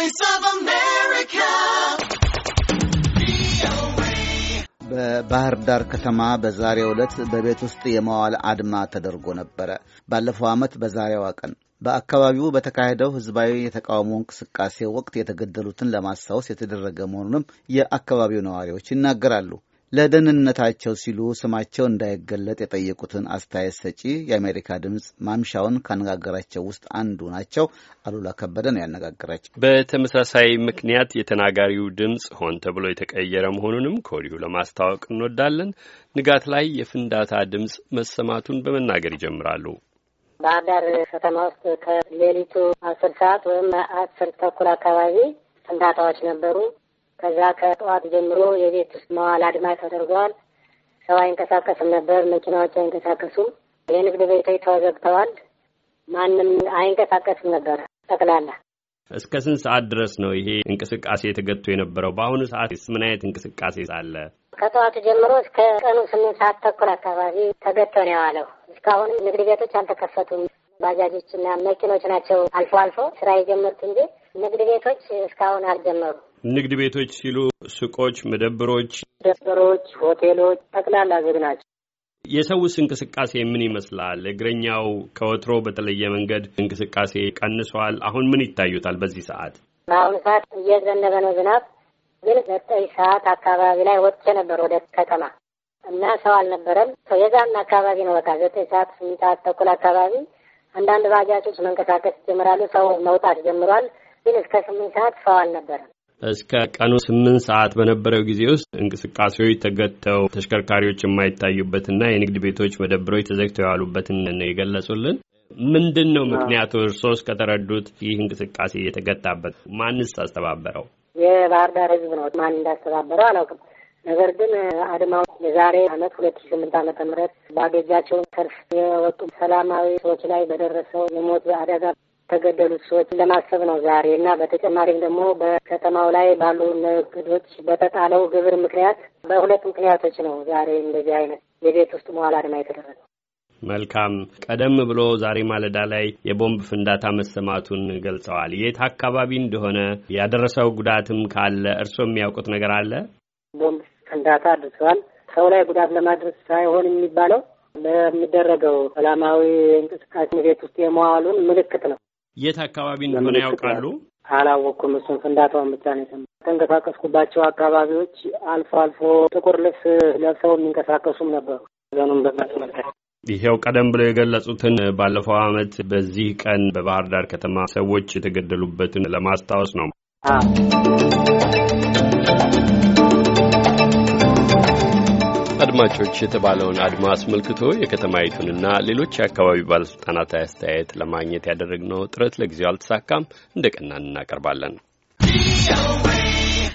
Voice of America. በባህር ዳር ከተማ በዛሬ ዕለት በቤት ውስጥ የመዋል አድማ ተደርጎ ነበረ። ባለፈው ዓመት በዛሬዋ ቀን በአካባቢው በተካሄደው ህዝባዊ የተቃውሞ እንቅስቃሴ ወቅት የተገደሉትን ለማስታወስ የተደረገ መሆኑንም የአካባቢው ነዋሪዎች ይናገራሉ። ለደህንነታቸው ሲሉ ስማቸው እንዳይገለጥ የጠየቁትን አስተያየት ሰጪ የአሜሪካ ድምፅ ማምሻውን ካነጋገራቸው ውስጥ አንዱ ናቸው። አሉላ ከበደ ነው ያነጋገራቸው። በተመሳሳይ ምክንያት የተናጋሪው ድምፅ ሆን ተብሎ የተቀየረ መሆኑንም ከወዲሁ ለማስታወቅ እንወዳለን። ንጋት ላይ የፍንዳታ ድምፅ መሰማቱን በመናገር ይጀምራሉ። ባህር ዳር ከተማ ውስጥ ከሌሊቱ አስር ሰዓት ወይም አስር ተኩል አካባቢ ፍንዳታዎች ነበሩ። ከዛ ከጠዋት ጀምሮ የቤት ውስጥ መዋል አድማ ተደርገዋል። ሰው አይንቀሳቀስም ነበር። መኪናዎች አይንቀሳቀሱም። የንግድ ቤቶች ተዘግተዋል። ማንም አይንቀሳቀስም ነበር። ጠቅላላ እስከ ስንት ሰዓት ድረስ ነው ይሄ እንቅስቃሴ ተገቶ የነበረው? በአሁኑ ሰዓት ምን አይነት እንቅስቃሴ አለ? ከጠዋቱ ጀምሮ እስከ ቀኑ ስምንት ሰዓት ተኩል አካባቢ ተገቶ ነው የዋለው። እስካሁን ንግድ ቤቶች አልተከፈቱም። ባጃጆችና መኪኖች ናቸው አልፎ አልፎ ስራ የጀመሩት እንጂ ንግድ ቤቶች እስካሁን አልጀመሩም። ንግድ ቤቶች ሲሉ ሱቆች፣ መደብሮች፣ ደብሮች፣ ሆቴሎች ጠቅላላ ዝግ ናቸው። የሰውስ እንቅስቃሴ ምን ይመስላል? እግረኛው ከወትሮ በተለየ መንገድ እንቅስቃሴ ቀንሷል። አሁን ምን ይታዩታል? በዚህ ሰዓት በአሁኑ ሰዓት እየዘነበ ነው ዝናብ ግን ዘጠኝ ሰዓት አካባቢ ላይ ወጥቼ ነበር ወደ ከተማ እና ሰው አልነበረም። ሰው የዛን አካባቢ ነው በቃ ዘጠኝ ሰዓት ስምንት ሰዓት ተኩል አካባቢ አንዳንድ ባጃጆች መንቀሳቀስ ይጀምራሉ። ሰው መውጣት ጀምሯል። ግን እስከ ስምንት ሰዓት ሰው አልነበረም። እስከ ቀኑ ስምንት ሰዓት በነበረው ጊዜ ውስጥ እንቅስቃሴዎች ተገተው ተሽከርካሪዎች የማይታዩበትና የንግድ ቤቶች መደብሮች ተዘግተው ያሉበትን ነው የገለጹልን። ምንድን ነው ምክንያቱ? እርሶስ ከተረዱት ይህ እንቅስቃሴ እየተገታበት ማንስ አስተባበረው? የባህር ዳር ህዝብ ነው። ማን እንዳስተባበረው አላውቅም። ነገር ግን አድማው የዛሬ ዓመት ሁለት ሺ ስምንት ዓመተ ምህረት ባዶ ሰልፍ የወጡ ሰላማዊ ሰዎች ላይ በደረሰው የሞት አደጋ የተገደሉት ሰዎች ለማሰብ ነው ዛሬ እና በተጨማሪም ደግሞ በከተማው ላይ ባሉ ንግዶች በተጣለው ግብር ምክንያት በሁለት ምክንያቶች ነው ዛሬ እንደዚህ አይነት የቤት ውስጥ መዋል አድማ የተደረገው። መልካም። ቀደም ብሎ ዛሬ ማለዳ ላይ የቦምብ ፍንዳታ መሰማቱን ገልጸዋል። የት አካባቢ እንደሆነ ያደረሰው ጉዳትም ካለ እርስዎ የሚያውቁት ነገር አለ? ቦምብ ፍንዳታ አድርሰዋል። ሰው ላይ ጉዳት ለማድረስ ሳይሆን የሚባለው በሚደረገው ሰላማዊ እንቅስቃሴ ቤት ውስጥ የመዋሉን ምልክት ነው። የት አካባቢ እንደሆነ ያውቃሉ? አላወቅኩም። እሱን ፍንዳታውን ብቻ ነው የሰማሁት። ተንቀሳቀስኩባቸው አካባቢዎች አልፎ አልፎ ጥቁር ልብስ ለብሰው የሚንቀሳቀሱም ነበሩ። ዘኑም በመመልከት ይሄው ቀደም ብለው የገለጹትን ባለፈው ዓመት በዚህ ቀን በባህር ዳር ከተማ ሰዎች የተገደሉበትን ለማስታወስ ነው። አድማጮች የተባለውን አድማ አስመልክቶ የከተማይቱንና ሌሎች የአካባቢ ባለሥልጣናት አስተያየት ለማግኘት ያደረግነው ጥረት ለጊዜው አልተሳካም። እንደ ቀናን እናቀርባለን።